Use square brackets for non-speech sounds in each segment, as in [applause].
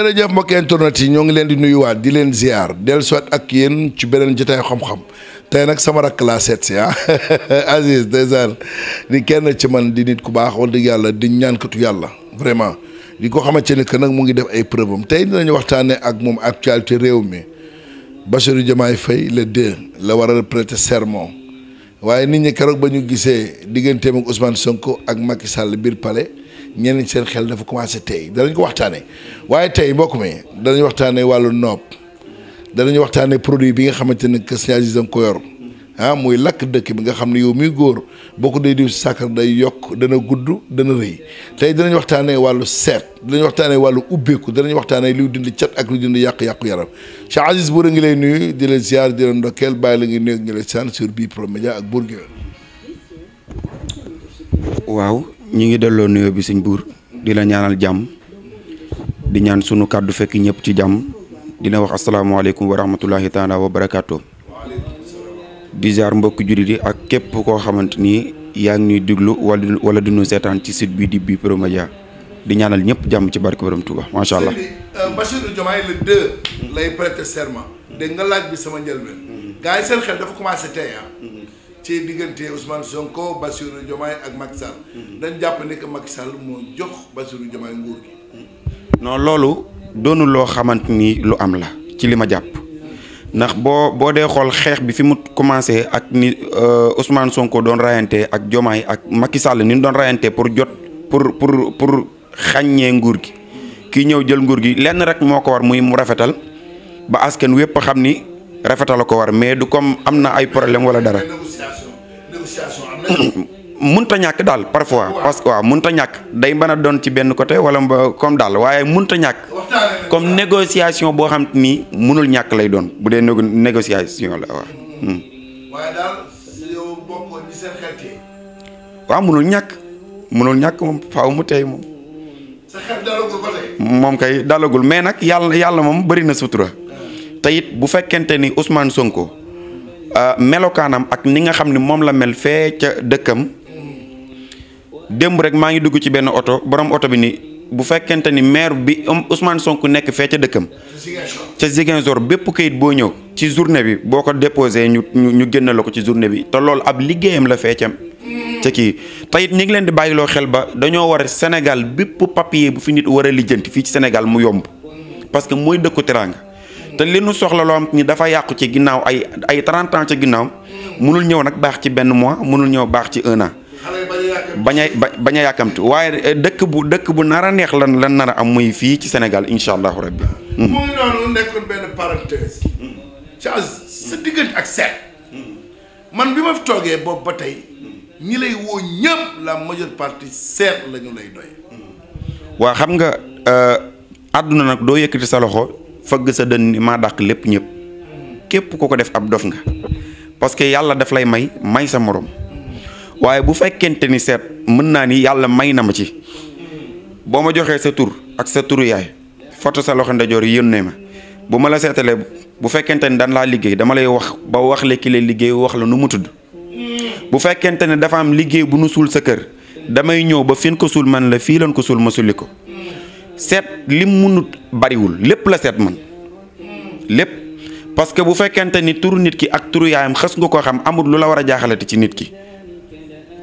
jërëjëf mbokk internet yi ñoo ngi leen di nuyuwaat di ziar dellu soit ak yéen ci beneen jotaay xam-xam tey nag sama rakk si ah [laughs] Aziz dèjà kenn ci man di nit ku baax wala dëgg yàlla di ñaankatu yàlla vraiment di ko xamante ne que nag mu ngi def ay preuve tey dinañu waxtaanee ak moom actualité réew mi Bassirou Diomaye Faye le 2 la waral a prêter serment waaye nit ñi keroog ba ñu gisee digganteem ak Ousmane Sonko ak Macky Sall biir pale ñenn seen xel dafa commencé tey danañ ko waxtaanee waaye tey mbokk mi danañ waxtaanee wàllu noob danañ waxtaanee produit bi nga xamante ne que Syngenta da nga ko yor ah muy lakk dëkk bi nga xam ne yow muy góor boo ko dee diw si day yokk dana gudd dana rëy tey danañ waxtaanee wàllu seet danañ waxtaanee wàllu ubbeeku danañ waxtaanee luy dindi cat ak luy dindi yàqu-yàqu yaram Cheikh Aziz Bouré ngi lay nuyu di la ziar di la ndokkeel bàyyi la ngi nuyu saan sur Bprod Media ak Bour Gueweul waaw ñu ngi delloo nuyoo bi suñ buur di ñaanal jàmm di ñaan sunu kàddu fekk ñëpp ci jàmm dina wax asalaamaaleykum wa rahmatulahi taala wa barakaatu di jaar mbokki jullit yi ak képp koo xamante ni yaa ngi ñuy diglu wala wala dunu seetaan ci site bi di bi di ñaanal ñëpp jàmm ci barke borom Touba macha allah. Euh, Bassirou Diomaye le lay prêter serment. Mm-hmm. dafa commencé tey ah. mm-hmm. ci diggante Ousmane Sonko Bassirou Diomaye ak Macky Sall. dañ jàpp ne que Macky moo jox Bassirou Diomaye nguur gi. non loolu doonu loo xamante ni lu am la ci li ma jàpp ndax boo boo dee xool xeex bi fi mu commencé ak ni euh, Ousmane Sonko doon rayante ak Diomaye ak Macky Sall ni doon rayante pour jot pour pour pour xàññee nguur gi kii ñëw jël nguur gi lenn rek moo ko war muy mu rafetal ba askan wépp xam ni. rafetal ko war mais du comme am na ay problème wala dara [coughs] munta ñàkk daal parfois parce que waaw a ñàkk day mën a doon ci benn côté wala comme daal waaye munta ñàkk comme négociation boo xam ni munul ñàkk lay doon bu dee négociation la waaw. Hmm. waaw munul ñàkk munul ñàkk moom faaw mu tey moom. moom kay dalagul mais nag yàlla yàlla moom bëri na sutura. te bu fekkente ni Ousmane Sonko euh, melokaanam ak ni nga xam ne moom la mel fee ca dëkkam démb rek maa ngi dugg ci benn oto borom oto bi ni bu fekkente ni maire bi um, Ousmane Sonko nekk fee ca dëkkam ca Ziguinchor bépp kayit boo ñëw ci journée bi boo ko déposé ñu ñu génne la ko ci journée bi te loolu ab liggéeyam la fee ca kii tey it ñu ngi leen di bàyyiloo xel ba dañoo war Sénégal bépp papier bu fi nit war a lijjanti fii ci Sénégal mu yomb parce mooy dëkku te li nu soxla loo xam ni dafa yàqu ci ginnaaw ay ay 30 ci ginnaaw mënul ñëw nag baax ci benn mois mënul ñëw baax ci ënna an. bañ a bañ waaye eh, dëkk bu dëkk bu nar a neex lan lan nar a am muy fii ci senegal incha allahu rabbi. Hmm. mu hmm. hmm. man bi ma fi toogee boobu ba tey. ñi lay woo ñëpp la majeure partie seet la lay doy. waa xam nga euh, àdduna nag doo yëkkati sa loxo. fëgg sa dënn maa dàq lépp ñëpp képp ku ko def ab dof nga parce que yàlla daf lay may may sa moroom waaye bu fekkente ni seet mën naa ni yàlla may na ma ci boo ma joxee sa tur ak sa turu yaay foto sa loxo ndajoor yónnee ma bu ma la seetalee bu fekkente ni daan laa liggéey dama lay wax ba wax la ki lay liggéey wax la nu mu tudd bu fekkente ne dafa am liggéey bu nu suul sa kër damay ñëw ba fin ko suul man la fii lan ko suul ma sulli ko seet lim munut bariwul lépp la seet man lépp parce que bu fekkente ni tur nit ki ak turu yaayam xës nga ko xam amul lu la war a jaaxalati ci nit ki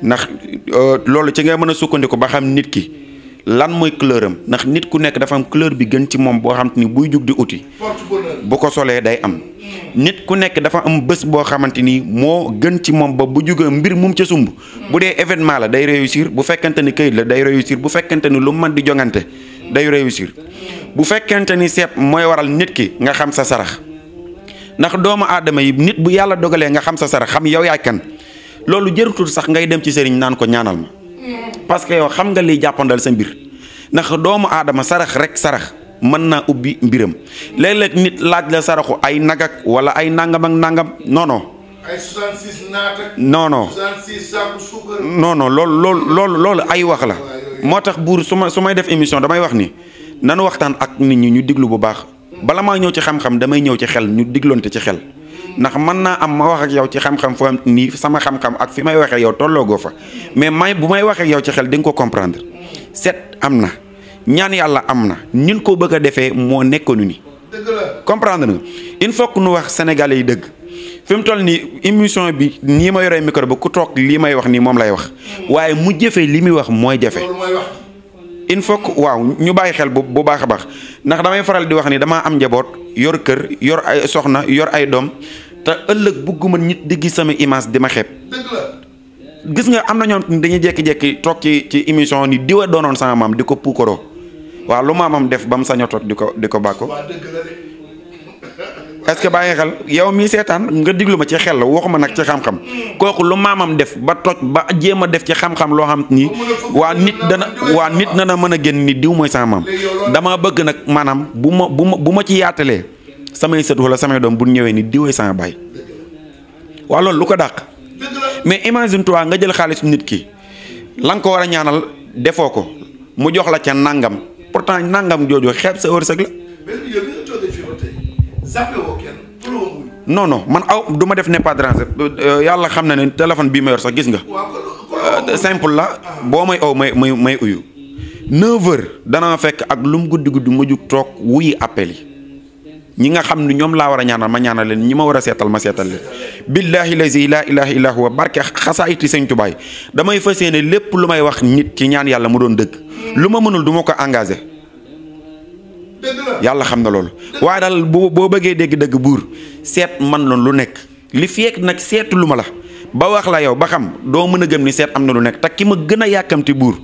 ndax euh, loolu ci ngay mën a sukkandiku ba xam nit ki lan mooy couleur am ndax nit ku nekk dafa am couleur bi gën ci moom boo xam ni buy jug di uti bu ko solee day am nit ku nekk dafa am bés boo xamante ni moo gën ci moom ba bu jugee mbir mum ca sumb bu dee événement la day réussir bu fekkente ni kayit la day réussir bu fekkente ni lu mën di jongante day réussir bu fekkente ni seet mooy waral nit ki nga xam sa sarax ndax doomu aadama yi nit bu yàlla dogalee nga xam sa sarax xam yow yaay kan loolu jërutul sax ngay dem ci sëriñ naan ko ñaanal ma parce que yow xam nga liy jàppandal sa mbir ndax doomu aadama sarax rek sarax mën naa ubbi mbiram léeg-léeg nit laaj la saraxu ay nagak wala ay nangam ak nangam non ay 66 naat ak. lool non loolu loolu ay wax la. moo tax buur su ma su may def émission damay wax nii nanu waxtaan ak nit ñi ñu diglu bu baax. bala maa ñëw ci xam-xam damay ñëw ci xel ñu digloonte ci xel. ndax mën naa am ma wax ak yow ci xam-xam foo am nii sama xam-xam ak fi may waxee yow tolloogoo fa mais may bu may waxee yow ci xel di nga ko comprendre set am na ñaan yàlla am na ñun koo bëgg a defee moo nekkoonu ni comprendre nga il nu wax sénégalais dëgg. fi mu toll nii émission bi nii ma yoree micro bi ku toog lii may wax nii moom lay wax waaye mu jëfe lii muy wax mooy jafe. il faut waaw ñu bàyyi xel bu bu baax a baax ndax damay faral di wax ni damaa am njaboot yor kër yor ay soxna yor ay doom te ëllëg bugguma nit di gis sama image di ma xeeb. gis nga am na ñoom dañuy jékki-jékki toog ci ci émission ni diwa doonoon sama maam di ko puukaroo waaw lu maamam def ba mu sañoo di ko di ko bàkko est-ce que bàyyi xel yow mii seetaan nga diglu ma ci xel la waxuma nag ci xam-xam kooku lu maamam def ba toj ba jéem a def ci xam-xam loo xam nii waa nit dana waa nit dana mën a génn ni diw mooy sama maam dama bëgg nag maanaam bu ma bu ma bu ma ci yaatalee samay sët wala samay doom bu ñëwee ni diwee sama baay waa loolu lu ko dàq mais imagine toi nga jël xaalis nit ki la nga ko war a ñaanal defoo ko mu jox la ca nangam pourtant nangam jooju xeeb sa wërsëg la zappé man aw duma def ne pas euh, yàlla xam ne ne téléphone bii ma yor sax gis nga. Euh, simple la ah. boo may aw may may may uyu. 9h danaa fekk ak lu mu guddi guddi ma jug toog wuyi appel yi ñi nga xam ni ñoom laa war a ñaanal ma ñaanal leen ñi ma war a seetal ma seetal leen. billaahi lazi laa ilaaha illaa huwa barke xasaayiti sëñ Tubaay damay fa yéene lépp lu may wax nit ci ñaan yàlla mu doon dëgg. lu ma mënul du ma ko engagé. yàlla xam na loolu waaye daal boo boo bëggee dégg dëgg buur seet man loon lu nekk li feek nag seet lu ma la ba wax la yow ba xam doo mën a gëm ni seet am na lu nekk te ki ma gën a yàkkamti buur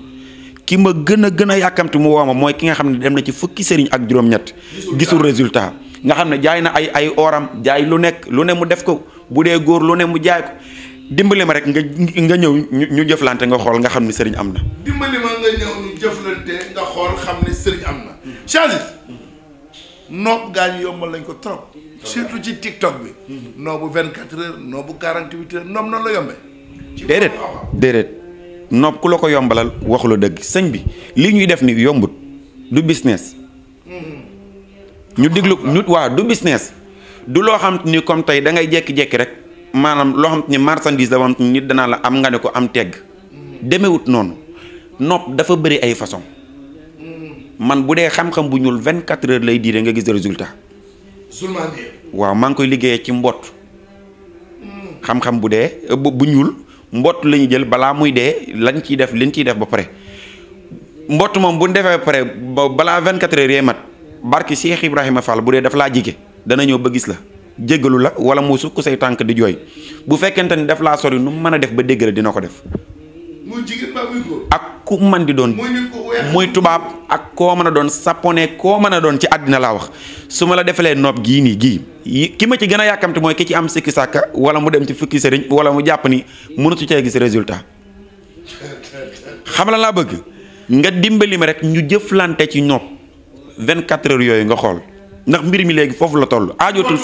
ki ma gën a gën a yàkkamti mu woo mooy ki nga xam ne dem na ci fukki sëriñ ak juróom-ñett gisul résultat nga xam ne jaay na ay ay oram jaay lu nekk lu ne mu def ko bu dee góor lu ne mu jaay ko dimbali ma rek nga nga ñëw ñu jëflante nga xool nga xam ne sëriñ am na noob gaa ñu yombal lañ ko trop surtout ci TikTok bi mhm. noobu vingt quatre heures noobu quarante huit heures noob noonu la yombee déedéet déedéet noob ku la ko yombalal waxu dëgg sëñ bi lii ñuy def ni yombut du business mhm. ñu diglu ñu waaw du business du loo xam ni comme tey da ngay jekki-jekki rek maanaam loo xam ni marchandise la nit danaa la am nga ne ko am tegg mhm. demewut noonu nopp dafa bëri ay façon man bu dee xam-xam bu ñuul 24 heures lay diire nga gis résultat. waaw maa ngi koy liggéeyee ci mbott. Hmm. xam-xam bu dee euh, bu ñuul mbott la ñu jël balaa muy dee lañ ciy def liñ ciy def ba pare. mbott moom bu ñu defee ba pare balaa 24 heures yee mat barki Cheikh Ibrahima Fall bu dee daf laa jige dana ñëw ba gis la. jéggalu la wala mu sukk say tànk di jooy bu fekkente ni daf laa sori nu mu mën a def ba dégg la dina ko def. muy ak ku man di doon. muy tubaab ak koo mën a doon sapone koo mën a doon ci àddina laa wax su ma la defalee nopp gii nii gii ki ma ci gën a yàkkamte mooy ki ci am sikki sàkka wala mu dem ci fukki sëriñ wala mu jàpp ni ci cee gis résultat xam la laa bëgg nga dimbali ma rek ñu jëflante ci nopp 24 heures yooyu nga xool ndax mbir mi léegi foofu la toll aajootul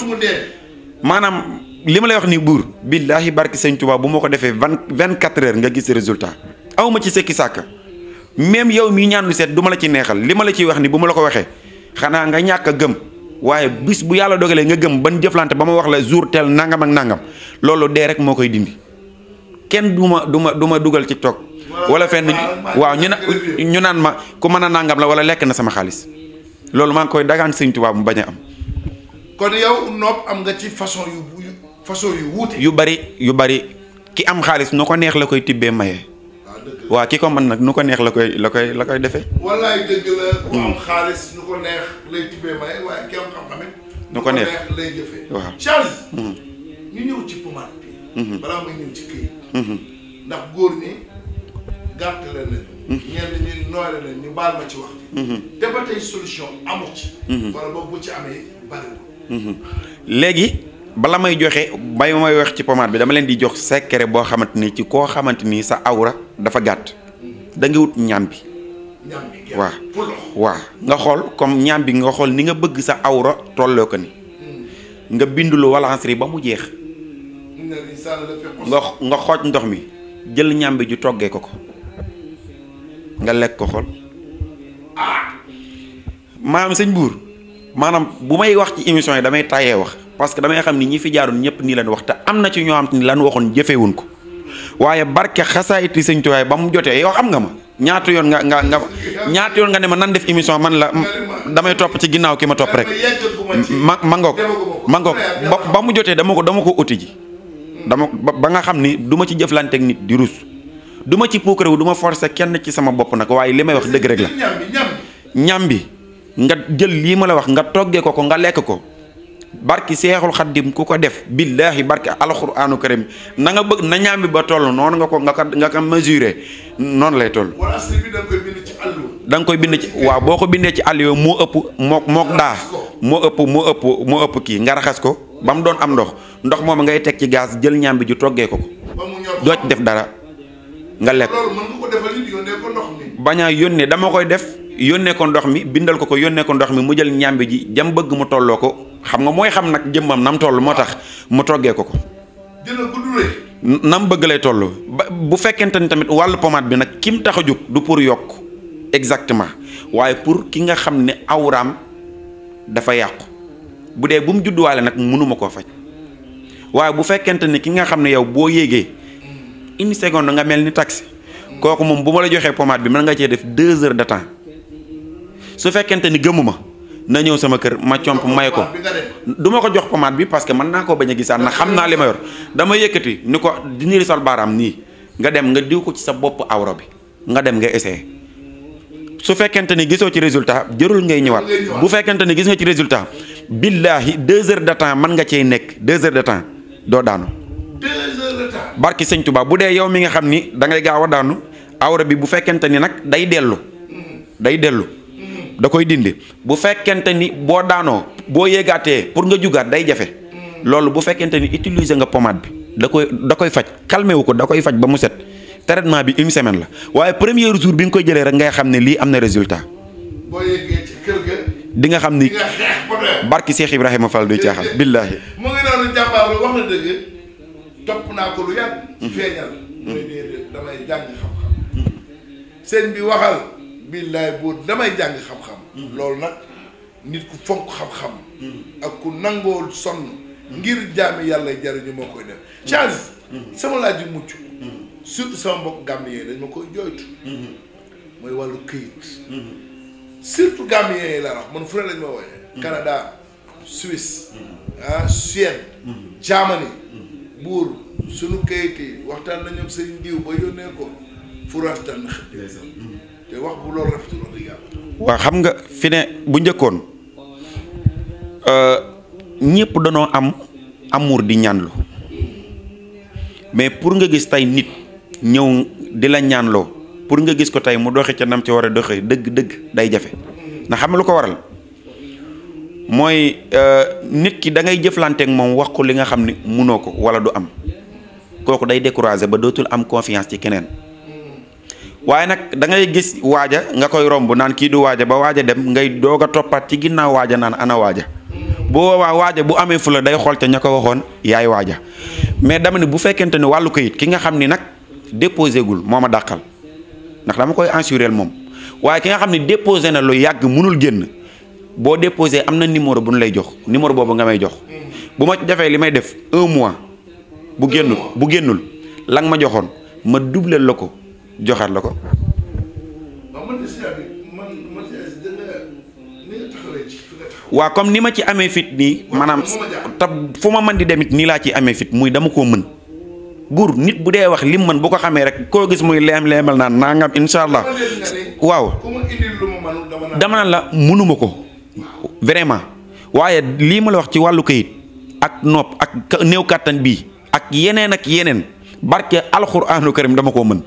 maanaam li ma lay wax ni buur billaahi barki sëñ Tuubaa bu ma ko defee vingt vingt quatre heures nga gis résultat awma ci sekki sàkka même yow mii ñaan lu set du la ci neexal li ma la ciy wax ni bu ma la ko waxee xanaa nga ñàkk a gëm waaye bis bu yàlla dogalee nga gëm ban jëflante ba ma wax la jour tel nangam ak nangam loolu dee rek moo koy dindi kenn du ma du ma du ma dugal ci toog wala fenn waaw ñu na ñu naan ma ku mën a nangam la wala lekk na sama xaalis loolu maa ngi koy dagaan sëñ Tuubaa mu bañ a am. kon yow nopp am nga ci façon yu yu bari yu bari ki am xaalis noo ko neex la koy tibbee maye. waa ki ko man nag nu ko neex la koy la koy la koy defee. wallaay dëgg la. ku am hmm. xaalis nu ko neex lay tibbee may waaye ki am xam-xam it. nu ko neex lay jëfee. waaw Charles. Hmm. ñu ñëw ci pomade hmm. balaa ma ñëw ci këyit. ndax góor ñi gàtt la leen. ñenn ñi nooy la leen ñu baal ma ci wax. te solution amu ci. wala boobu ci amee bariwul. léegi. bala may joxe bay may wax ci pomade bi dama leen di jox secret boo xamante ni ci koo xamante ni sa awra dafa gàtt da nga wut ñaam bi waaw waaw nga xool comme ñaam bi nga xool ni nga bëgg sa awra tolloo ko ni nga bindulu walansri ba mu jeex nga nga xooj ndox mi jël ñaam bi ju toggee ko ko nga lekk ko xool maanaam sëñ buur maanaam bu may wax ci émission yi damay taye wax parce que damay xam ni ñi fi jaaroon ñëpp nii lañ wax te am na ci ñoo xam te lan waxoon jëfewuñ ko waaye barke xasaayiti sëñ Tuubaa ba mu jotee yow xam nga ma ñaata yoon nga nga nga ñaata yoon nga ne ma nan def émission man la damay topp ci ginnaaw ki ma topp rek ma ma ngoog ba mu jotee dama ko dama ko uti ji dama ba ba nga xam ni duma ci jëflanteeg nit di rus du ma ci puukarewu du ma forcer kenn ci sama bopp nag waaye li may wax dëgg rek la ñam nga jël lii ma la wax nga toggee ko ko nga lekk ko barki seexul xaddim ku ko def billaahi barki alxuraanu karim na nanga bëgg na ñaami ba toll noonu nga ko nga ko nga ko mesurer noonu lay toll. wala koy bind ci àll. boo ko bindee ci àll mu ëpp mook mook daa moo ëpp moo ëpp moo ëpp kii nga raxas ko ba mu doon am ndox ndox moom ngay teg ci gaz jël ñaam bi ju toggee ko ko. doo ci def dara nga lekk. loolu mën nga yónnee dama koy def yónnee ko ndox mi bindal ko ko yónnee ko ndox mi mu jël ñaam ji jam bëgg mu tolloo ko xam nga mooy xam nag jëmmam nam toll moo tax mu toggee ko ko. nam bëgg lay toll ba bu fekkente ni tamit wàllu pommade bi nag kim tax a jóg du pour yokk exactement waaye pour ki nga xam ne awraam dafa yàqu bu dee bu mu judduwaale nag mënuma koo faj waaye bu fekkente ni ki nga xam ne yow boo yéegee une seconde nga mel ni tax kooku moom bu ma la joxee pommade bi mën nga cee def deux heures de temps su fekkente ni gëmuma na ñëw sama kër ma comp may ko du ko jox pommade bi parce que mën naa koo bañ a gisaat ndax xam naa li dama yëkkati ni ko di sol baaraam nii nga dem nga diw ko ci sa bopp awro bi nga dem nga essayé su fekkente ni gisoo ci résultat jërul ngay ñëwaat bu fekkente ni gis nga ci résultat billaahi deux heures de temps man nga cee nekk deux heures de temps doo daanu barki sëñ Tuubaa bu dee yow mi nga xam ni da ngay gaaw a daanu awra bi bu fekkente ni nag day dellu day dellu da koy dindi bu fekkente ni boo daanoo boo yéegaatee pour nga jugaat day jafe loolu bu fekkente ni utiliser nga pommade bi da koy da koy faj calmé wu ko da koy faj ba mu set traitement bi une semaine la waaye premier jour bi nga koy jëlee rek ngay xam ne lii am na résultat. boo di nga xam ni barki Cheikh Ibrahima Fall du caaxaan billaahi mu ngi noonu billaay buur damay jàng xam-xam mhm. loolu nag nit ku fonk xam-xam mhm. ak ku nangoo sonn mhm. ngir jaami yàlla jariñu moo koy def change sama laaj yu mucc surtout sama mbokk gambien dañ ma koy jooytu mooy wàllu këyit surtout gambien yi laa wax man fu ne ma wooyee Canada Suisse ah Suède Germany buur suñu këyit yi waxtaan nañu ak sëñ ba yónnee ko furastan xëj te wax bu xam nga fi ne bu njëkkoon euh, ñëpp danoo am amour di ñaanlu mais pour nga gis tey nit ñëw di la ñaanloo pour nga gis ko tey mu doxe ca nam ci war a doxe dëgg dëgg day jafe na xam lu ko waral mooy euh, nit ki da ngay jëflanteek moom wax ko li nga xam ni munoo ko wala du am kooku day découragé ba dootul am confiance ci keneen. waaye nag da ngay gis waaja nga koy romb naan kii du waaja ba waaja dem ngay doog a toppaat ci ginnaaw waaja naan ana waaja boo boobaa waaja bu amee fula day xool ca ña ko waxoon yaay waaja mais dama bu fekkente ne wàllu kayit ki nga xam ni nag déposé gul moo ma dàqal ndax dama koy assuréel moom waaye ki nga xam ne déposé na lu yàgg mënul génn boo déposé am na numéro bu ñu lay jox numéro boobu nga may jox bu ma defee li may def un mois bu génnul bu génnul la nga ma joxoon ma dubleel la ko joxaat la ko. waaw comme ni ma ci amee fit nii maanaam te fu ma mën di demit nii laa ci amee fit muy dama ko mën buur nit bu dee wax lim mën bu ko xamee rek koo gis muy leem leemal naan nangam incha allah waaw dama naan la mënuma ko vraiment waaye lii ma la wax ci wàllu kayit ak nopp ak néew kàttan bii ak yeneen ak yeneen barke alxuraanu karim dama koo mën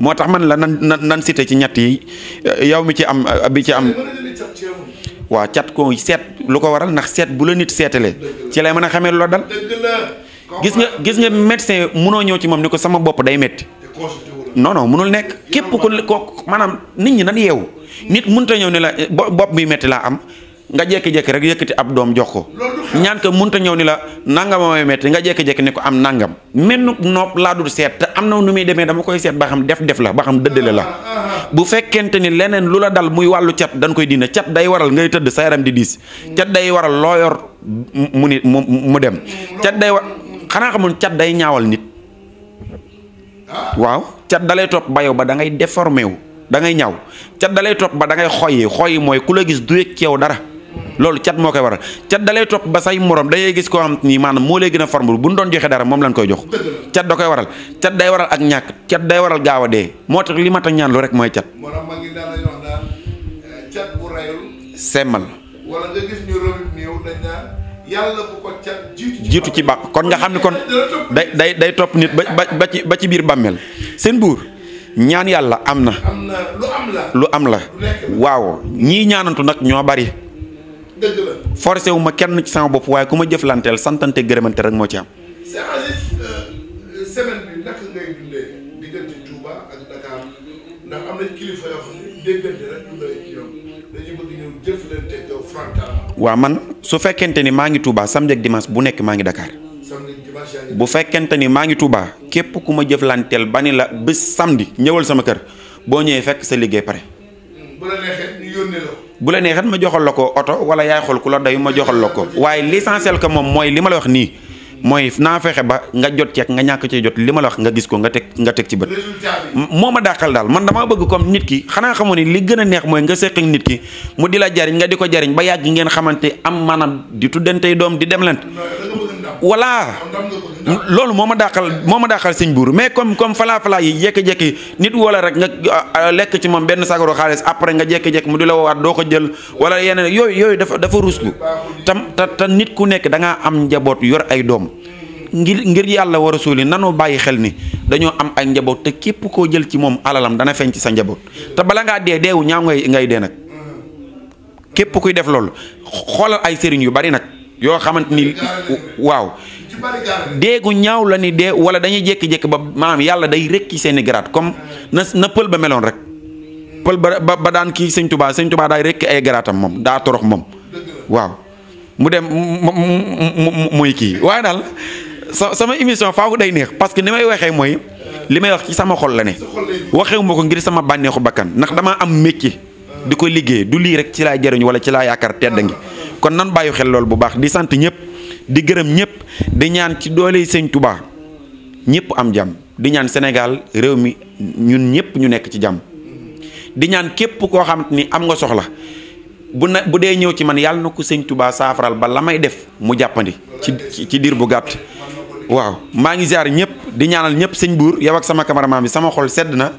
moo tax man la nan nan nan cité ci ñett yi euh, yow mi ci am euh, bi ci am waaw cat ko seet lu ko waral ndax seet bu la nit seetalee ci lay mën a xamee loo dal gis nga gis nga médecin munoo ñëw ci moom ni ko sama bopp day métti noonoo non munul nekk képp ko ko maanaam nit ñi nan yeewu nit mënut ta ñëw ne la eh, bopp bi métti laa am nga jékki-jékki rek yëkkati ab doom jox ko ñaan ko mënta ñëw ni la nangam mooy metti nga jekki jékki ni ko am nangam menn nopp laa dul seet te am na nu muy demee dama koy seet ba xam def def la ba xam dëddale la bu fekkente ni leneen lu la dal muy wàllu cat dañ koy dina cat day waral ngay tëdd sa yaram di diis cat day waral loo yor mu nit mu mu dem cat day war xanaa xamul cat day ñaawal nit waaw cat dalay topp bayo ba da ngay déformé wu da ngay ñaaw dalay topp ba da ngay xoy yi yi mooy ku la gis du dara loolu cat moo koy waral cat da lay topp ba say moroom dangay gis koo am ni maanaam moo lay gën a farmul bu ñu doon joxe dara moom lañ koy jox cat da koy waral cat day waral ak ñàkk cat day waral gaaw a dee moo tax li mat a ñaan mooy cat eh, semmal wala nga ci bàq kon nga xam ne kon [laughs] day day topp nit ba ci biir bàmmeel seen buur ñaan yàlla am na lu am la waaw ñii ñaanantu nag ñoo bari dëgg forcé wu ma kenn ci sama bopp waaye ku ma jëflanteel santante gërëmante rek moo ci am. Euh, semaine waaw man su fekkente ni maa ngi tuubaa samedi ak dimaas bu nekk maa ngi Dakar. bu fekkente ni maa ngi tuubaa képp ku ma jëflanteel ba ni la bés samedi ñëwal sama kër boo ñëwee fekk sa liggéey pare. bu la neexee ma joxal la ko oto wala yaay xool ku la doy ma joxal la ko waaye l'essentiel ko moom mooy li ma la wax nii mooy naa fexe ba nga jot ceeg nga ñàkk cee jot li ma la wax nga gis ko nga teg nga teg ci bët moo ma dàqal daal man damaa bëgg comme nit ki xanaa xamoon ni li gën a neex mooy nga seq ak nit ki mu di la jariñ nga di ko jariñ ba yàgg ngeen xamante am maanaam di tuddantey doom di dem demlante voilà loolu moo ma dàqal moo ma dàqal sëñ buur mais comme comme falaa falaa yi jékki jekki nit wala rek nga ah, ah, lekk ci moom benn sagaru xaalis après nga jekki jékki mu di la woowaat doo ko jël wala yeneen yooyu yooyu dafa dafa ruslu tam te te nit ku nekk da am njaboot yor ay doom ngir ngir yàlla war a suuli nanu bàyyi xel ni dañoo am ay njaboot te képp koo jël ci moom alalam dana feeñ ci sa njaboot te bala ngaa dee deewu ñaaw ngay ngay dee nag képp kuy def loolu xoolal ay sëriñ yu bari nag. yoo xamante ni waaw déegu ñaaw la ni dee wala dañuy jékki-jékki ba maanaam yàlla day rekki seeni garaat comme na na pël ba meloon rek pël ba ba daan kii sëñ tubaa sëñ tubaa daay rekki ay garaatam moom daa torox moom waaw mu dem muy kii waaye daal sa sama émission faaw day neex parce que ni may waxee mooy li may wax ci sama xol la ne waxewu ma ko ngir sama bànneexu bakkan ndax damaa am métier di ko liggéey du lii rek ci laa jariñ wala ci laa yaakaar tedd ngi kon nan bàyyi xel lool bu baax di sant ñëpp di gërëm ñëpp di ñaan ci doole sëñ Tuubaa ñëpp am jàmm di ñaan Sénégal réew mi ñun ñëpp ñu nekk ci jàmm di ñaan képp koo xam ni am nga soxla bu na bu dee ñëw ci man yàlla na ko sëñ tubaa saafaral ba la may def mu jàppandi ci ci diir bu gàtt. waaw maa ngi ziar ñëpp di ñaanal ñëpp sëñ buur yow ak sama cameraman bi sama xol sedd na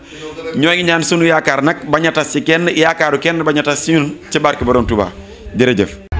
ñoo ngi ñaan sunu yaakaar nag ba ña tas ci kenn yaakaaru kenn ba ña tas ci ñun ci barke Borom Touba jërëjëf.